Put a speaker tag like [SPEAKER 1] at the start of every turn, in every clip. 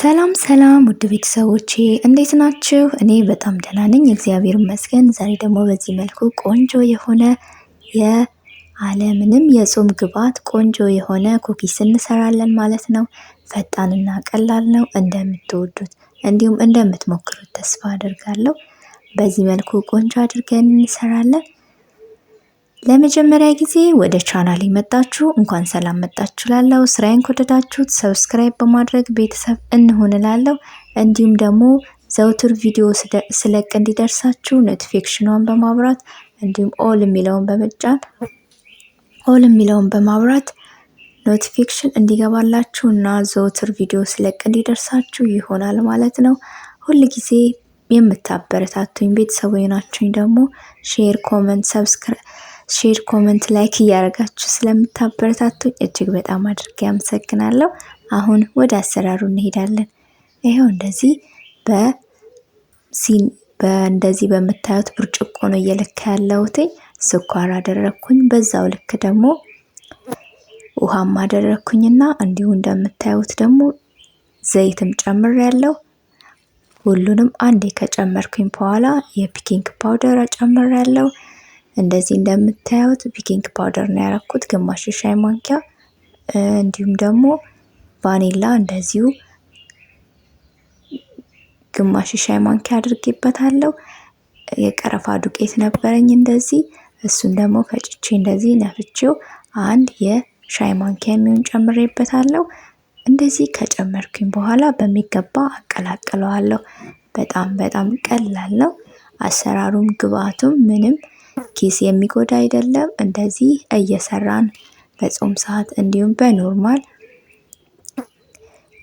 [SPEAKER 1] ሰላም ሰላም ውድ ቤተሰቦቼ እንዴት ናችሁ? እኔ በጣም ደህና ነኝ፣ እግዚአብሔር ይመስገን። ዛሬ ደግሞ በዚህ መልኩ ቆንጆ የሆነ የአለምንም የጾም ግብዓት ቆንጆ የሆነ ኩኪስ እንሰራለን ማለት ነው። ፈጣንና ቀላል ነው። እንደምትወዱት እንዲሁም እንደምትሞክሩት ተስፋ አድርጋለሁ። በዚህ መልኩ ቆንጆ አድርገን እንሰራለን። ለመጀመሪያ ጊዜ ወደ ቻናል የመጣችሁ እንኳን ሰላም መጣችሁ ላለው ስራዬን ከወደዳችሁት ሰብስክራይብ በማድረግ ቤተሰብ እንሆን እንዲሁም ደግሞ ዘውትር ቪዲዮ ስለቅ እንዲደርሳችሁ ኖቲፊኬሽኗን በማብራት እንዲሁም ኦል የሚለውን በመጫን ኦል የሚለውን በማብራት ኖቲፊኬሽን እንዲገባላችሁ እና ዘውትር ቪዲዮ ስለቅ እንዲደርሳችሁ ይሆናል ማለት ነው። ሁል ጊዜ የምታበረታቱኝ ቤተሰብ ናችሁኝ ደግሞ ሼር፣ ኮመንት፣ ሰብስክራይብ ሼር፣ ኮመንት፣ ላይክ እያደረጋችሁ ስለምታበረታቱኝ እጅግ በጣም አድርጌ አመሰግናለሁ። አሁን ወደ አሰራሩ እንሄዳለን። ይኸው እንደዚህ በሲን እንደዚህ በምታዩት ብርጭቆ ነው እየለካ ያለሁትኝ። ስኳር አደረግኩኝ። በዛው ልክ ደግሞ ውሃም አደረግኩኝና እንዲሁ እንደምታዩት ደግሞ ዘይትም ጨምር ያለው ሁሉንም አንዴ ከጨመርኩኝ በኋላ የፒኪንግ ፓውደር ጨምር ያለው እንደዚህ እንደምታዩት ቢኪንግ ፓውደር ነው ያረኩት፣ ግማሽ ሻይ ማንኪያ እንዲሁም ደግሞ ቫኒላ እንደዚሁ ግማሽ ሻይ ማንኪያ አድርጌበታለሁ። የቀረፋ ዱቄት ነበረኝ እንደዚህ እሱን ደግሞ ፈጭቼ እንደዚህ ነፍቼው አንድ የሻይ ማንኪያ የሚሆን ጨምሬበታለሁ። እንደዚህ ከጨመርኩኝ በኋላ በሚገባ አቀላቅለዋለሁ። በጣም በጣም ቀላል ነው አሰራሩም ግብአቱም ምንም ኪስ የሚጎዳ አይደለም። እንደዚህ እየሰራን በጾም ሰዓት እንዲሁም በኖርማል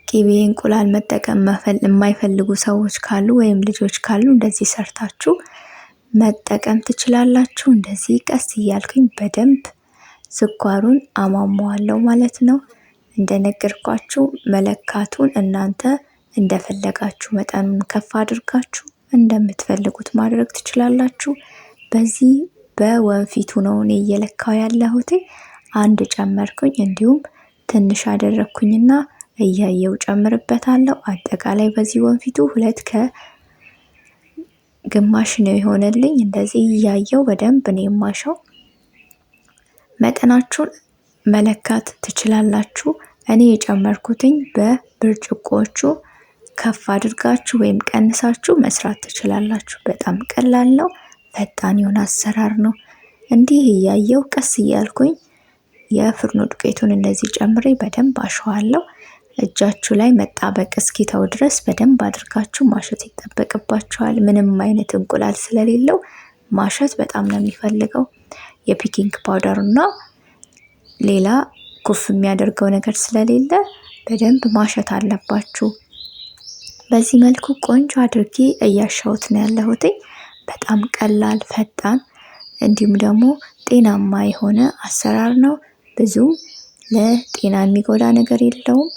[SPEAKER 1] ቅቤ፣ እንቁላል መጠቀም የማይፈልጉ ሰዎች ካሉ ወይም ልጆች ካሉ እንደዚህ ሰርታችሁ መጠቀም ትችላላችሁ። እንደዚህ ቀስ እያልኩኝ በደንብ ስኳሩን አሟሟዋለሁ ማለት ነው። እንደነገርኳችሁ መለካቱን እናንተ እንደፈለጋችሁ መጠኑን ከፍ አድርጋችሁ እንደምትፈልጉት ማድረግ ትችላላችሁ። በዚህ በወንፊቱ ነው እኔ እየለካው ያለሁት። አንድ ጨመርኩኝ፣ እንዲሁም ትንሽ አደረግኩኝና እያየው ጨምርበታለሁ። አጠቃላይ በዚህ ወንፊቱ ሁለት ከ ግማሽ ነው የሆነልኝ። እንደዚህ እያየው በደንብ ነው የማሸው። መጠናችሁን መለካት ትችላላችሁ። እኔ የጨመርኩትኝ በብርጭቆዎቹ ከፍ አድርጋችሁ ወይም ቀንሳችሁ መስራት ትችላላችሁ። በጣም ቀላል ነው። ፈጣን የሆነ አሰራር ነው። እንዲህ እያየው ቀስ እያልኩኝ የፍርኖ ዱቄቱን እንደዚህ ጨምሬ በደንብ አሸዋለሁ። እጃችሁ ላይ መጣበቅ እስኪተው ድረስ በደንብ አድርጋችሁ ማሸት ይጠበቅባችኋል። ምንም አይነት እንቁላል ስለሌለው ማሸት በጣም ነው የሚፈልገው። የፒኪንግ ፓውደር እና ሌላ ኩፍ የሚያደርገው ነገር ስለሌለ በደንብ ማሸት አለባችሁ። በዚህ መልኩ ቆንጆ አድርጌ እያሻሁት ነው ያለሁትኝ። በጣም ቀላል፣ ፈጣን እንዲሁም ደግሞ ጤናማ የሆነ አሰራር ነው። ብዙም ለጤና የሚጎዳ ነገር የለውም።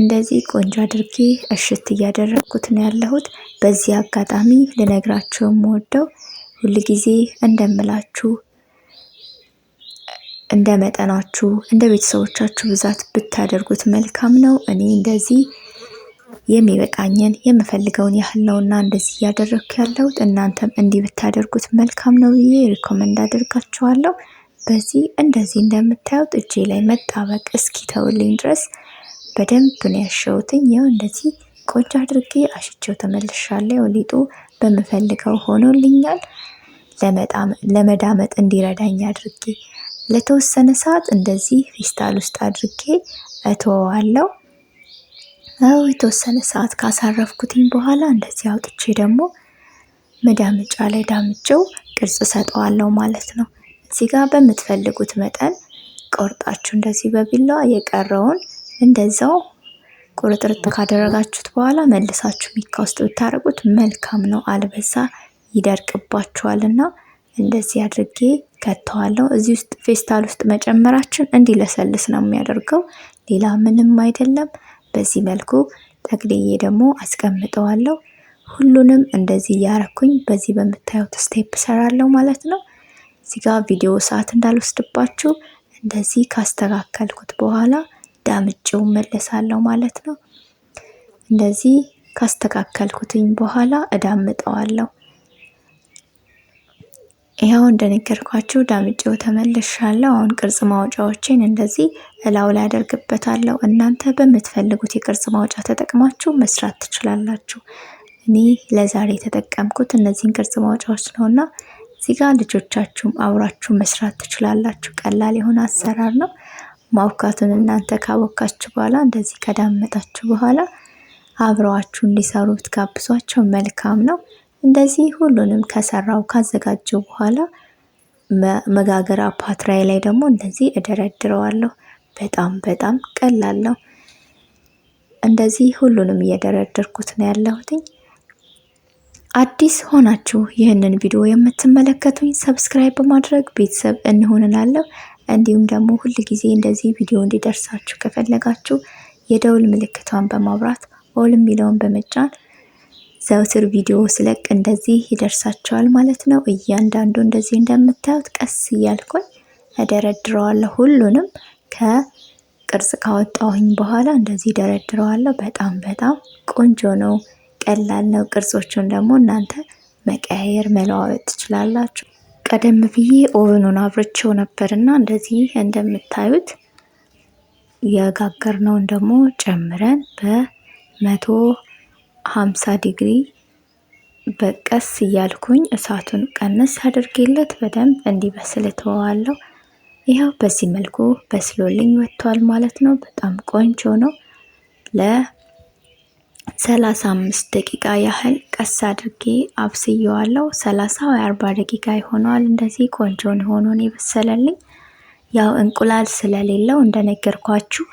[SPEAKER 1] እንደዚህ ቆንጆ አድርጌ እሽት እያደረግኩት ነው ያለሁት። በዚህ አጋጣሚ ልነግራችሁ የምወደው ሁልጊዜ እንደምላችሁ እንደ መጠናችሁ እንደ ቤተሰቦቻችሁ ብዛት ብታደርጉት መልካም ነው። እኔ እንደዚህ የሚበቃኝን የምፈልገውን ያህል ነውና እንደዚህ እያደረግኩ ያለሁት እናንተም እንዲህ ብታደርጉት መልካም ነው ብዬ ሪኮመንድ አደርጋችኋለሁ። በዚህ እንደዚህ እንደምታዩት እጄ ላይ መጣበቅ እስኪተውልኝ ድረስ በደንብ ነው ያሸሁትኝ። ያው እንደዚህ ቆንጆ አድርጌ አሽቸው ተመልሻለሁ። ያው ሊጡ በምፈልገው ሆኖልኛል። ለመዳመጥ እንዲረዳኝ አድርጌ ለተወሰነ ሰዓት እንደዚህ ፌስታል ውስጥ አድርጌ እተወዋለሁ። የተወሰነ ሰዓት ካሳረፍኩትኝ በኋላ እንደዚህ አውጥቼ ደግሞ መዳምጫ ላይ ዳምጨው ቅርጽ ሰጠዋለሁ ማለት ነው። እዚህ ጋር በምትፈልጉት መጠን ቆርጣችሁ እንደዚህ በቢላዋ የቀረውን እንደዛው ቁርጥርጥ ካደረጋችሁት በኋላ መልሳችሁ ሚካ ውስጥ ብታደርጉት መልካም ነው። አልበዛ ይደርቅባችኋልና እንደዚህ አድርጌ ከተዋለው። እዚህ ውስጥ ፌስታል ውስጥ መጨመራችን እንዲለሰልስ ነው የሚያደርገው። ሌላ ምንም አይደለም። በዚህ መልኩ ጠቅልዬ ደግሞ አስቀምጠዋለሁ። ሁሉንም እንደዚህ እያረኩኝ በዚህ በምታዩት ስቴፕ ሰራለሁ ማለት ነው። እዚህ ጋር ቪዲዮ ሰዓት እንዳልወስድባችሁ እንደዚህ ካስተካከልኩት በኋላ ዳምጬው መለሳለሁ ማለት ነው። እንደዚህ ካስተካከልኩትኝ በኋላ እዳምጠዋለሁ። ይኸው እንደነገርኳችሁ ዳምጬው ተመልሻለሁ። አሁን ቅርጽ ማውጫዎችን እንደዚህ እላው ላይ አደርግበታለሁ። እናንተ በምትፈልጉት የቅርጽ ማውጫ ተጠቅማችሁ መስራት ትችላላችሁ። እኔ ለዛሬ የተጠቀምኩት እነዚህን ቅርጽ ማውጫዎች ነውና እዚህ ጋር ልጆቻችሁም አብራችሁ መስራት ትችላላችሁ። ቀላል የሆነ አሰራር ነው። ማውካቱን እናንተ ካቦካችሁ በኋላ እንደዚህ ከዳመጣችሁ በኋላ አብረዋችሁ እንዲሰሩ ብትጋብዟቸው መልካም ነው። እንደዚህ ሁሉንም ከሰራው ካዘጋጀው በኋላ መጋገሪያ ፓትራይ ላይ ደግሞ እንደዚህ እደረድረዋለሁ። በጣም በጣም ቀላል ነው። እንደዚህ ሁሉንም እየደረደርኩት ነው ያለሁትኝ። አዲስ ሆናችሁ ይህንን ቪዲዮ የምትመለከቱኝ ሰብስክራይብ በማድረግ ቤተሰብ እንሆንላለሁ። እንዲሁም ደግሞ ሁል ጊዜ እንደዚህ ቪዲዮ እንዲደርሳችሁ ከፈለጋችሁ የደውል ምልክቷን በማብራት ኦል የሚለውን በመጫን ዘውትር ቪዲዮ ስለቅ እንደዚህ ይደርሳቸዋል ማለት ነው። እያንዳንዱ እንደዚህ እንደምታዩት ቀስ እያልኩኝ እደረድረዋለሁ። ሁሉንም ከቅርጽ ካወጣሁኝ በኋላ እንደዚህ ደረድረዋለሁ። በጣም በጣም ቆንጆ ነው፣ ቀላል ነው። ቅርጾቹን ደግሞ እናንተ መቀያየር መለዋወጥ ትችላላችሁ። ቀደም ብዬ ኦቨኑን አብርቼው ነበርና እንደዚህ እንደምታዩት የጋገርነውን ደግሞ ጨምረን በመቶ ሀምሳ ዲግሪ በቀስ እያልኩኝ እሳቱን ቀንስ አድርጌለት በደንብ እንዲበስል እተወዋለሁ። ይኸው በዚህ መልኩ በስሎልኝ ወጥቷል ማለት ነው። በጣም ቆንጆ ነው። ለሰላሳ አምስት ደቂቃ ያህል ቀስ አድርጌ አብስየዋለሁ። ሰላሳ ወይ አርባ ደቂቃ ይሆነዋል። እንደዚህ ቆንጆን ሆኖ ነው የበሰለልኝ። ያው እንቁላል ስለሌለው እንደነገርኳችሁ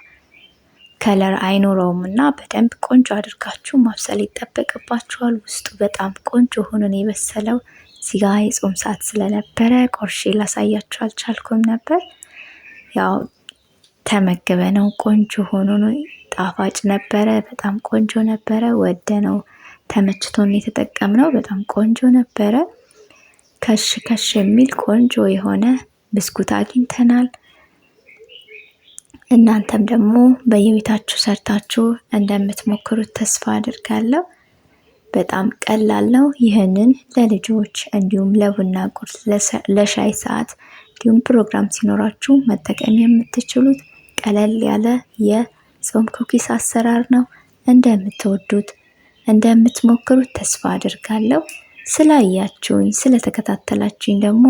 [SPEAKER 1] ከለር አይኖረውም እና በደንብ ቆንጆ አድርጋችሁ ማብሰል ይጠበቅባችኋል። ውስጡ በጣም ቆንጆ ሆኖን የበሰለው እዚጋ የጾም ሰዓት ስለነበረ ቆርሼ ላሳያችሁ አልቻልኩም ነበር። ያው ተመገበ ነው ቆንጆ ሆኖ ጣፋጭ ነበረ። በጣም ቆንጆ ነበረ። ወደ ነው ተመችቶን የተጠቀምነው። በጣም ቆንጆ ነበረ። ከሽ ከሽ የሚል ቆንጆ የሆነ ብስኩት አግኝተናል። እናንተም ደግሞ በየቤታችሁ ሰርታችሁ እንደምትሞክሩት ተስፋ አድርጋለሁ። በጣም ቀላል ነው። ይህንን ለልጆች እንዲሁም ለቡና ቁርስ፣ ለሻይ ሰዓት እንዲሁም ፕሮግራም ሲኖራችሁ መጠቀም የምትችሉት ቀለል ያለ የጾም ኩኪስ አሰራር ነው። እንደምትወዱት እንደምትሞክሩት ተስፋ አድርጋለሁ። ስላያችሁኝ ስለተከታተላችሁኝ ደግሞ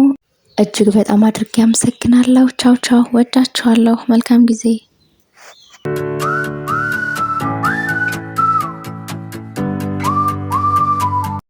[SPEAKER 1] እጅግ በጣም አድርጌ አመሰግናለሁ። ቻው ቻው። ወዳችኋለሁ። መልካም ጊዜ